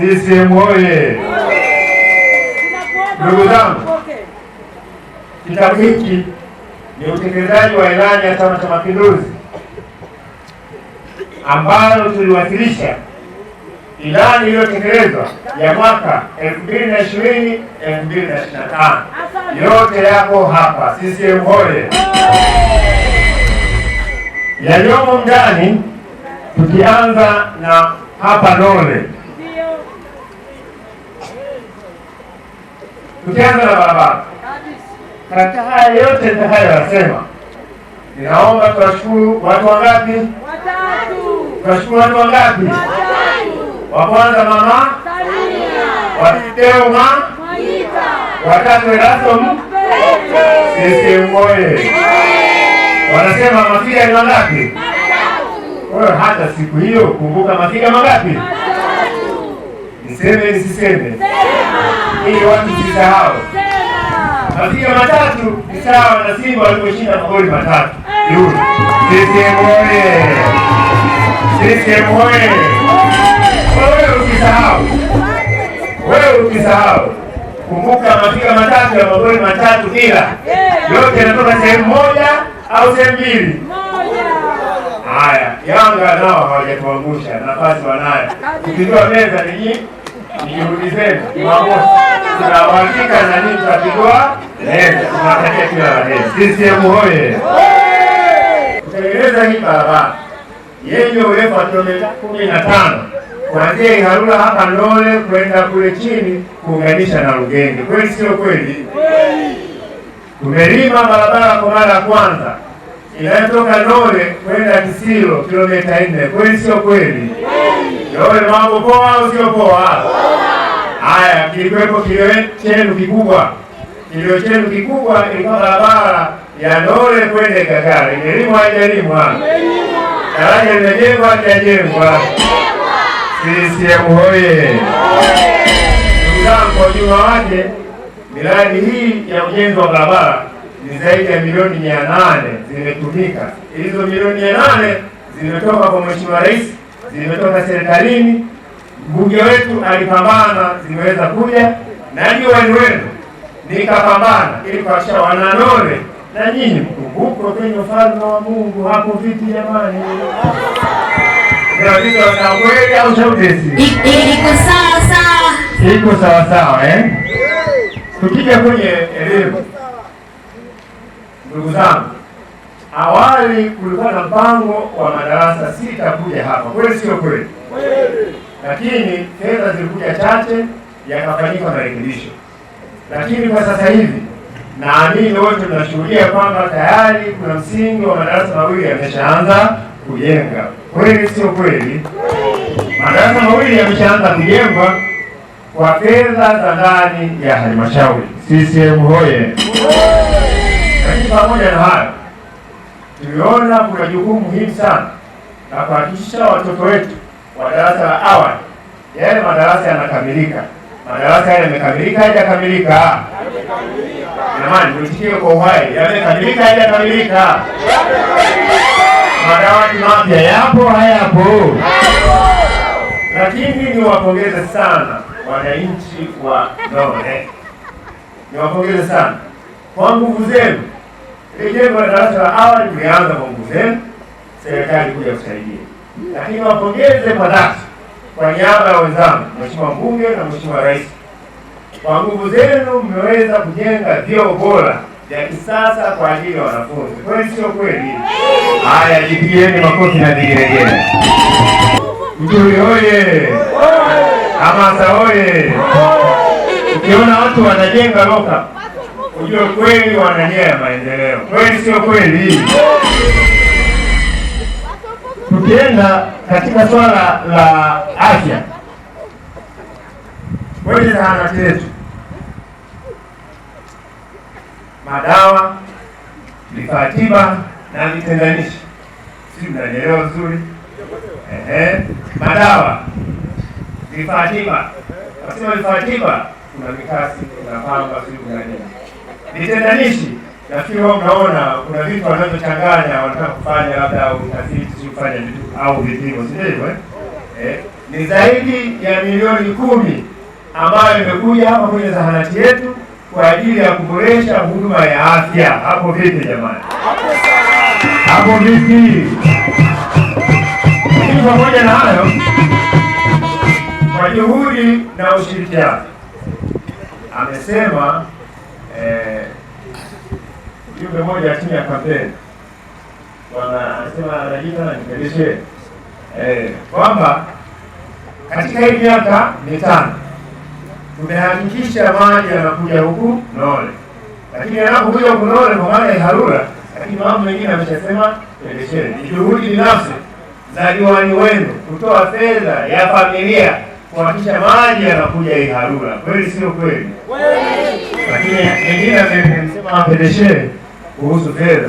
CCM oye! Ndugu zangu, kitabu hiki ni utekelezaji wa ilani ya Chama cha Mapinduzi ambayo tuliwasilisha ilani iliyotekelezwa ya mwaka 2020 2025, yote yako hapa. CCM oye! Yaliyomo ndani, tukianza na hapa Nole Tukianza na barabara, katika haya yote hayo wasema, ninaomba tuwashukuru watu wangapi? Watatu. Tuwashukuru watu wangapi? Watatu. Wa kwanza mama Samia, wa pili mama Mwita, wa tatu Erasto CCM oye! Wanasema mafiga ni mangapi? Wewe hata siku hiyo kumbuka mafiga mangapi? Niseme nisiseme? Ili watu sisahau. Mapiga matatu ni sawa na Simba waliposhinda magoli matatu. CCM oye! CCM oye! Wewe ukisahau, wewe ukisahau, kumbuka mapiga matatu ya magoli matatu, kila eh! yote yanatoka sehemu moja au sehemu mbili. Haya, Yanga nao hawajatuangusha, nafasi wanayo, ukijua meza ni Juhudi zetu tunawalika na nini, tutapigwa lebe. Tunawatakia kila la heri. CCM oye! Kutengeneza hii barabara yenye urefu wa kilomita kumi na tano kuanzia Iharula hapa Ndole kwenda kule chini kuunganisha na lugenge kweli sio kweli? Tumelima barabara kwa mara ya kwanza inayotoka Ndole kwenda Kisilo kilomita nne, kweli sio kweli? Yole mambo poa au sio poa? Haya, kilikuwepo kilio chenu kikubwa. Kilio chenu kikubwa ilikuwa barabara ya Ndole kwenda Kagara. Elimu haijalimwa? Daraja limejengwa halijajengwa? CCM hoye! Ndugu zangu, kwa ujumla wake miradi hii ya ujenzi wa barabara ni zaidi ya milioni mia nane zimetumika. Hizo milioni mia nane zimetoka kwa Mheshimiwa Rais zimetoka serikalini, mbunge wetu alipambana, zimeweza kuja na diwani wenu nikapambana ili kuhakikisha wananore na nyinyi mkumbuko kwenye ufalme wa Mungu hapo viti jamani? Kweli au shautesi iko sawa sawa, iko sawa sawa eh? Tukija kwenye elimu, ndugu zangu Awali kulikuwa na mpango wa madarasa sita kuja hapa, kweli sio kweli? Lakini fedha zilikuja chache, yakafanyika marekebisho. Lakini kwa sasa hivi naamini wote tunashuhudia kwamba tayari kuna msingi wa madarasa mawili yameshaanza kujenga, kweli sio kweli? Madarasa mawili yameshaanza kujengwa kwa fedha za ndani ya halmashauri. CCM hoye! Lakini pamoja na hayo tumeona kuna jukumu muhimu sana na kuhakikisha watoto wetu wa darasa la awali yale madarasa yanakamilika. Madarasa yale yamekamilika, hayajakamilika? Jamani, tuitikie kwa uhai, yamekamilika, hayajakamilika? Madawati mapya yapo, hayapo? Lakini niwapongeze sana wananchi wa Nole, niwapongeze sana kwa nguvu zenu Hili jengo la darasa la awali tulianza kwa nguvu zenu, serikali kuja kusaidia, lakini wapongeze kwa dhati kwa niaba ya wenzangu, Mheshimiwa mbunge na Mheshimiwa Rais, kwa nguvu zenu mmeweza kujenga vyoo bora vya kisasa kwa ajili ya wanafunzi. Kweli sio kweli? Haya, jipigieni makofi na vigelegele. Mjuri oye! Hamasa oye! Ukiona watu wanajenga loka ujue kweli wana nia ya maendeleo, kweli sio kweli. Tukienda katika swala la afya, kwenye zahanati zetu madawa, vifaa tiba na vitendanishi, si mnanielewa vizuri? Ehe, madawa, vifaa tiba, asema vifaa tiba, kuna mikasi, kuna pamba, si kuna nini vitendanishi. Nafikiri wao mnaona kuna vitu wanavyochanganya, wanataka kufanya labda utafiti, si kufanya vitu au vipimo, si ndivyo eh? eh? ni zaidi ya milioni kumi ambayo imekuja hapa kwenye zahanati yetu kwa ajili ya kuboresha huduma ya afya. Hapo vipi jamani? Hapo vipi? Lakini pamoja na hayo, kwa juhudi na ushirikiano amesema Eh, jumbe moja ya timu ya kampeni wanasema anajita na nikeleshe eh, kwamba katika hii miaka mitano tumehakikisha maji yanakuja huku Nole, lakini yanapokuja huku Nole kwa maana ya Harura, lakini mambo mengine ameshasema Pelesheni. Ni juhudi binafsi za diwani wenu kutoa fedha ya familia kuhakikisha maji yanakuja hii kweli sio kweli? lakini mengine nimesema mpereshe kuhusu fedha,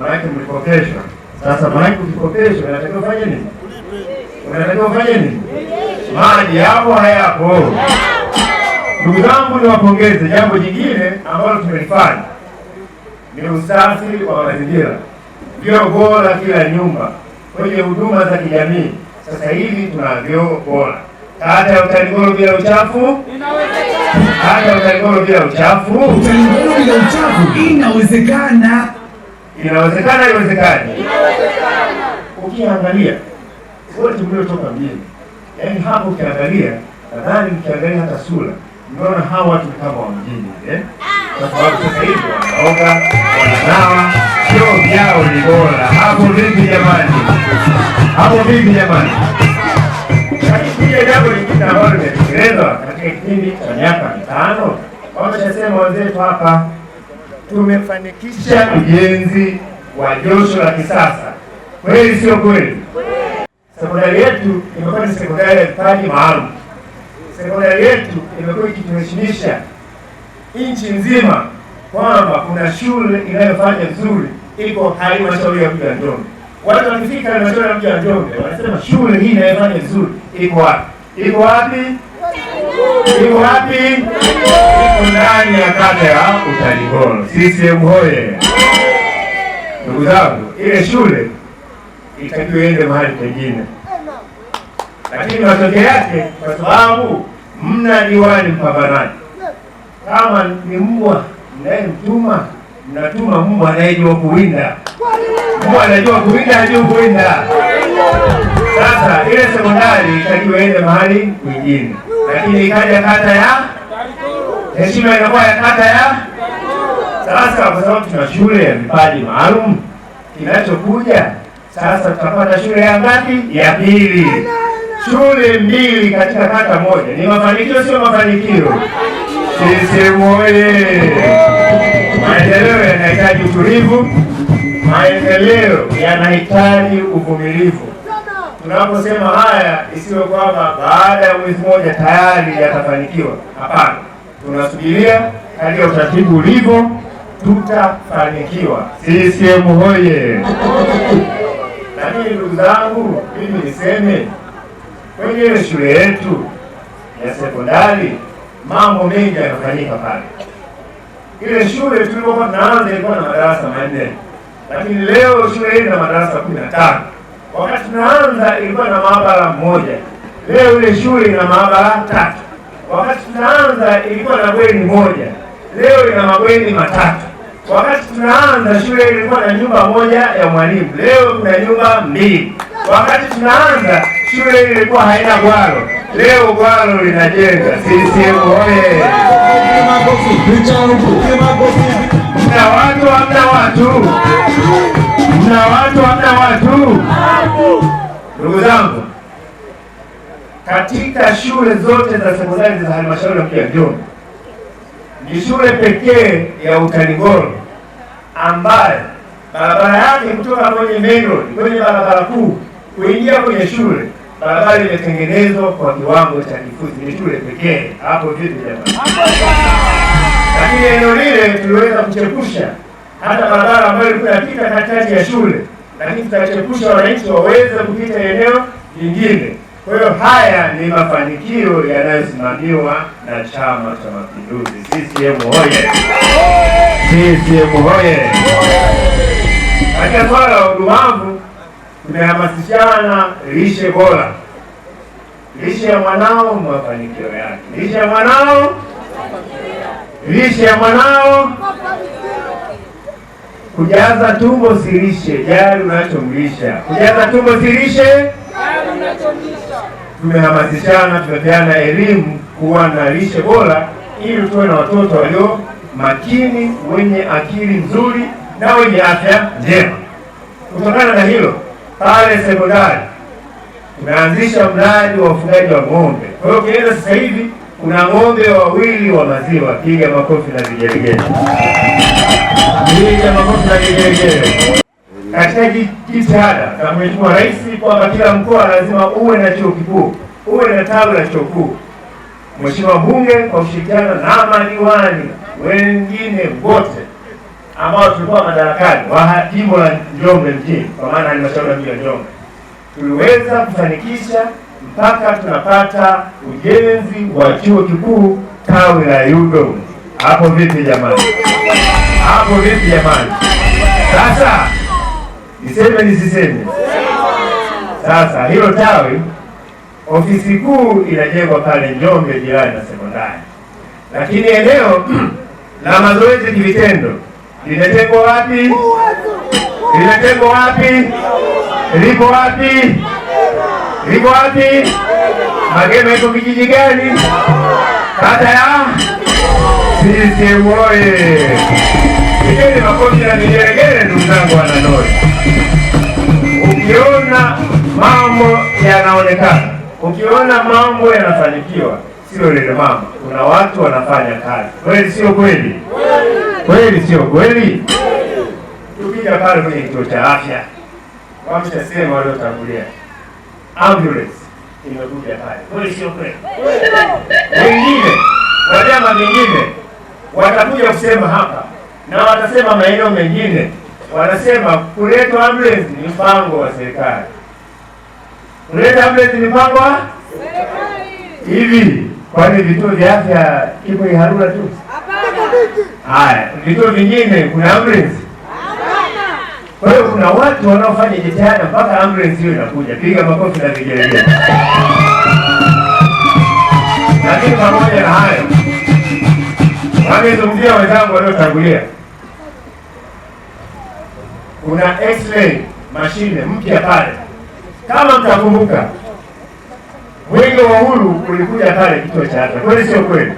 maanake mlikopeshwa. Sasa maanake ukikopeshwa, unatakiwa ufanye nini? Unatakiwa ufanye nini? Maji yapo hayapo? Ndugu zangu, niwapongeze. Jambo jingine ambalo tumelifanya ni usafi wa mazingira, vyoo bora kila nyumba, kwenye huduma za kijamii. Sasa hivi tuna vyoo bora Kata ya Utalingolo bila uchafu inawezekana. Kata ya Utalingolo bila uchafu, Utalingolo bila uchafu inawezekana. Inawezekana, haiwezekani? Ukiangalia wote mliotoka mjini, yaani hapo ukiangalia, nadhani mkiangalia hata sura mnaona hawa watu kama wa mjini eh, kwa sababu sasa hivi wanaoga, wananawa, vyoo vyao ni bora. Hapo vipi jamani? Hapo vipi jamani? Lakini pia jambo lingine ambalo limetekelezwa katika kipindi cha miaka mitano, wameshasema wenzetu hapa, tumefanikisha ujenzi wa josho la kisasa. Kweli sio kweli? Sekondari yetu imekuwa ni sekondari ya vipaji maalum. Sekondari yetu imekuwa ikituheshimisha nchi nzima kwamba kuna shule inayofanya vizuri iko halmashauri ya Njombe. Watu wakifika halmashauri ya mji wa Njombe wanasema shule hii inayofanya vizuri iko wapi? Iko wapi? Iko wapi? Iko ndani ya kata ya Utalingolo. CCM hoye! Ndugu zangu, ile shule itakiwa iende mahali pengine, lakini matokeo yake, kwa sababu mna diwani mpambanaji, kama ni mbwa mnaye mtuma mnatuma Mungu anayejua kuwinda. Mungu anajua kuwinda, ajua kuwinda. Sasa ile sekondari itakiwa iende mahali kwingine, lakini ikaja kata ya heshima, inakuwa ya kata ya sasa, kwa sababu tuna shule ya vipaji maalum. Kinachokuja sasa, tutapata shule ya ngapi? Ya pili. Shule mbili katika kata moja ni mafanikio, sio mafanikio? Sisimuye! ni utulivu. Maendeleo yanahitaji uvumilivu. Tunaposema haya, isiwe kwamba baada ya mwezi mmoja tayari yatafanikiwa. Hapana, tunasubiria katika utaratibu ulivyo, tutafanikiwa. CCM hoye! lakini ndugu zangu, mimi niseme kwenye ile shule yetu ya sekondari mambo mengi yanafanyika pale ile shule tulikuwa tunaanza ilikuwa na madarasa manne, lakini leo shule hii ina madarasa kumi na tano. Wakati tunaanza ilikuwa na maabara moja, leo ile shule ina maabara tatu. Wakati tunaanza ilikuwa na bweni moja, leo ina mabweni matatu. Wakati tunaanza shule ilikuwa na nyumba moja ya mwalimu, leo kuna nyumba mbili. Wakati tunaanza shule ilikuwa haina bwalo leo bwalo linajenga CCM oye! Mna watu hamna watu, mna watu hamna watu. Ndugu zangu, katika shule zote za sekondari za halmashauri ya mji wa Njombe ni shule pekee ya Utalingolo ambayo barabara yake kutoka kwenye main road kwenye barabara kuu kuingia kwenye shule barabara imetengenezwa kwa kiwango cha kifusi, ni shule pekee hapo vitu vya Lakini eneo lile tuliweza kuchepusha hata barabara ambayo ilikuwa inapita katikati ya shule, lakini tutachepusha wananchi waweze kupita eneo lingine. Kwa hiyo haya ni mafanikio yanayosimamiwa na Chama cha Mapinduzi, CCM hoye! CCM hoye! katika swala la udumavu tumehamasishana lishe bora, lishe ya mwanao mafanikio yake, lishe ya mwanao, lishe ya mwanao. Kujaza tumbo silishe, jari jali unachomlisha. Kujaza tumbo si unachomlisha. tumehamasishana, tumepeana elimu kuwa na lishe bora, ili tuwe na watoto walio makini, wenye akili nzuri na wenye afya njema. Kutokana na hilo pale sekondari tumeanzisha mradi wa ufugaji wa ng'ombe. Kwa hiyo ukienda sasa hivi kuna ng'ombe wawili wa maziwa. Piga makofi na vigelegele, piga makofi na vigelegele. Katika jitihada za Mheshimiwa Rais kwamba kila mkoa lazima uwe na chuo kikuu, uwe na tawi la chuo kikuu, Mheshimiwa Bunge kwa ushirikiano na madiwani wengine wote ambao tulikuwa madarakani wa jimbo la Njombe mjini, kwa maana halmashauri ya mji wa Njombe, tuliweza kufanikisha mpaka tunapata ujenzi wa chuo kikuu tawi la Yudo. Hapo vipi jamani? Hapo vipi jamani? Sasa niseme nisiseme? Sasa hilo tawi, ofisi kuu inajengwa pale Njombe, jirani na sekondari, lakini eneo la mazoezi kivitendo limetengwa wapi? Limetengwa wapi? Liko wapi? Liko wapi? Magema iko kijiji gani? Kata ya CCM oye! Pigeni makofi na vigelegele, ndugu zangu wanandoa. Ukiona mambo yanaonekana, ukiona mambo yanafanikiwa, sio lile mambo kuna watu wanafanya kazi kweli, sio kweli? Kweli sio kweli? Tukija pale kwenye kituo cha afya, wameshasema waliotangulia, ambulance imekuja pale, kweli sio kweli? Wengine wanyama mengine watakuja kusema hapa na watasema maeneo mengine, wanasema kuleta ambulance ni mpango wa serikali. Kuleta ambulance ni mpango wa hivi. Kwani vituo vya afya kipo Iharula tu? Hapana. Haya, vituo vingine kuna ambulance? Kwa hiyo kuna watu wanaofanya jitihada mpaka ambulance hiyo inakuja. Piga makofi na vigelegele. Lakini pamoja na hayo, wamezungumzia wenzangu waliotangulia, kuna x-ray mashine mpya pale, kama mtakumbuka, mwenge wa uhuru ulikuja pale kituo cha afya, kweli sio kweli?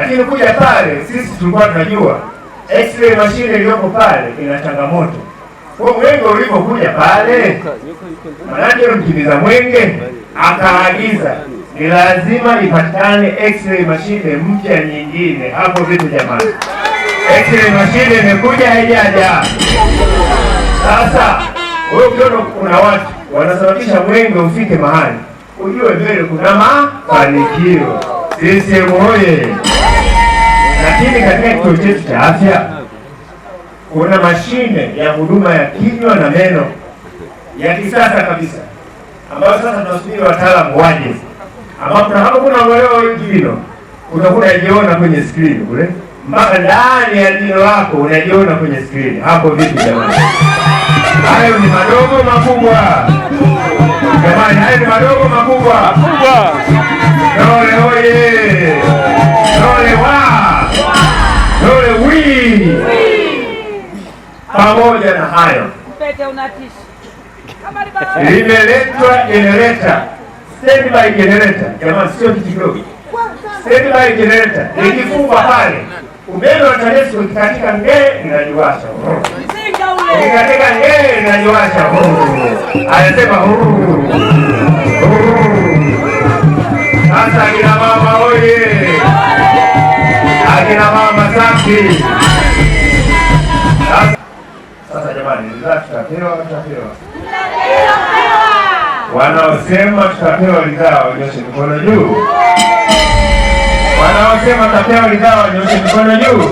lakini kuja pale sisi tulikuwa tunajua x-ray machine iliyoko pale ina changamoto. Kwa mwenge ulivyokuja pale, manake mkimiza mwenge akaagiza ni lazima ipatikane x-ray machine mpya nyingine hapo. Vitu jamani, x-ray machine imekuja haijaja. Sasa wewe ukiona kuna watu wanasababisha mwenge ufike mahali, ujue mbele kuna mafanikio. Sisi moye lakini katika kituo chetu cha afya kuna mashine ya huduma ya kinywa na meno ya kisasa kabisa, ambayo sasa tunasubiri wataalamu waje, ambapo hapo kuna uelewa wengino, utakuwa unajiona kwenye skrini kule mpaka ndani ya jino lako unajiona kwenye skrini hapo. Vipi jamani, hayo ni madogo makubwa jamani, hayo ni madogo makubwa. Dole oye! Dole wa Ole wii. Pamoja na hayo, limeletwa generator, standby generator. Jamani, sio kitu kidogo. Standby generator ikifungwa pale, umeme wa TANESCO ikikatika ngee inajiwasha, ikikatika ngee inajiwasha, anasema sasa. Kina mama oye! Akina mama safi. Sasa jamani, ridhaa tutapewa, tutapewa. Wanaosema tutapewa ridhaa wanyoshe mikono juu. Wanaosema tutapewa ridhaa wanyoshe mikono juu.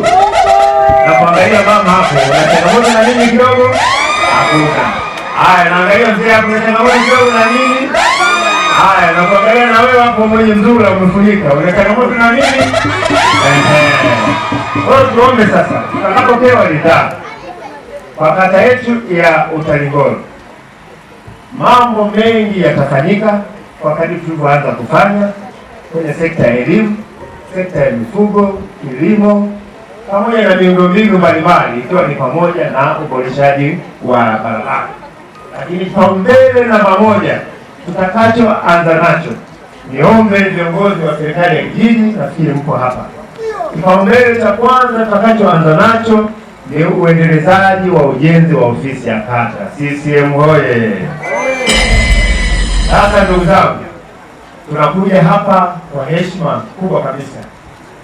Na mama hapo, una changamoto na nini kidogo? Hakuna. Haya, naangalia mzee hapo, una changamoto kidogo na nini? Haya, na na wewe hapo mwenye mzuri umefunika. Una changamoto na mimi? Ehe. Kwa tuombe sasa. Tutakapopewa ridhaa kwa kata yetu ya Utalingolo, mambo mengi yatafanyika kwa kadri tulivyoanza kufanya kwenye sekta ya elimu, sekta ya mifugo, kilimo pamoja na miundombinu mbalimbali ikiwa ni pamoja na uboreshaji wa barabara, lakini kipaumbele namba moja Tutakachoanza nacho, niombe viongozi wa serikali ya kijiji, nafikiri mko hapa. Kipaumbele cha kwanza tutakachoanza nacho ni uendelezaji wa ujenzi wa ofisi ya kata. CCM oye Sasa ndugu zangu, tunakuja hapa kwa heshima kubwa kabisa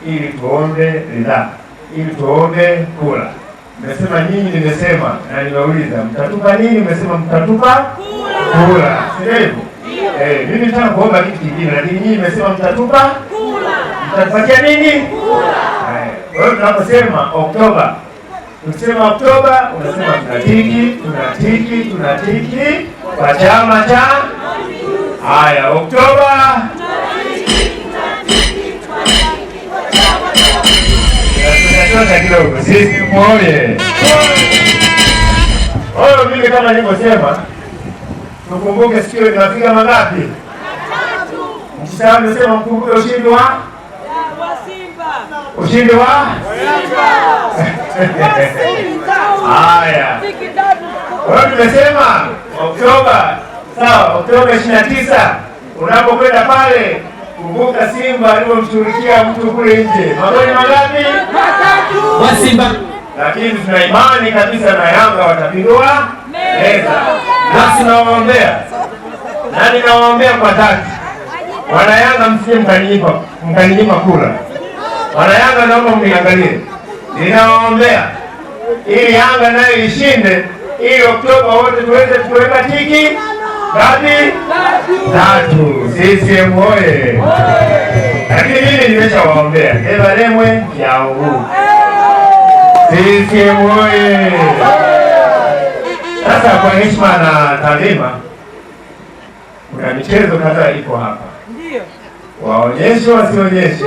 ili tuombe ridhaa, ili tuombe kula. Nimesema nyinyi, nimesema na nimeuliza mtatupa nini? Nimesema mtatupa kula, kula. Sivyo? Eh, mimi nataka kuomba kitu kingine lakini nyinyi mmesema mtatupa kula. Mtatupatia nini? Kula. Eh, kwa hiyo tunaposema Oktoba, tukisema Oktoba unasema tunatiki, tunatiki, tunatiki kwa chama cha haya Oktoba tunachota kidogo sisi muone. Kwa hiyo mimi kama nilivyosema tukumbuke sikio inafika mangapi? Msisahau mkumbuke ushindi wa Simba, ushindi wa Simba. Haya, wewe tumesema Oktoba, sawa, Oktoba 29 unapokwenda pale kumbuka Simba alivyomshughulikia mtu kule nje, magoli mangapi? Matatu wa Simba, lakini tuna imani kabisa na Yanga watapindua Eza. nasi nawaombea na ninawaombea kwa dhati Wanayanga, msije mkaninyima kula. Wanayanga, naomba mniangalie, ninawaombea ili Yanga nayo ishinde, ili Oktoba wote tuweze kuweka tiki kati Tatu. CCM oye! Lakini mimi nimeshawaombea evalemwe yangu CCM oye! Sasa kwa heshima na taadhima, kuna michezo kadhaa iko hapa, waonyeshe wasionyeshe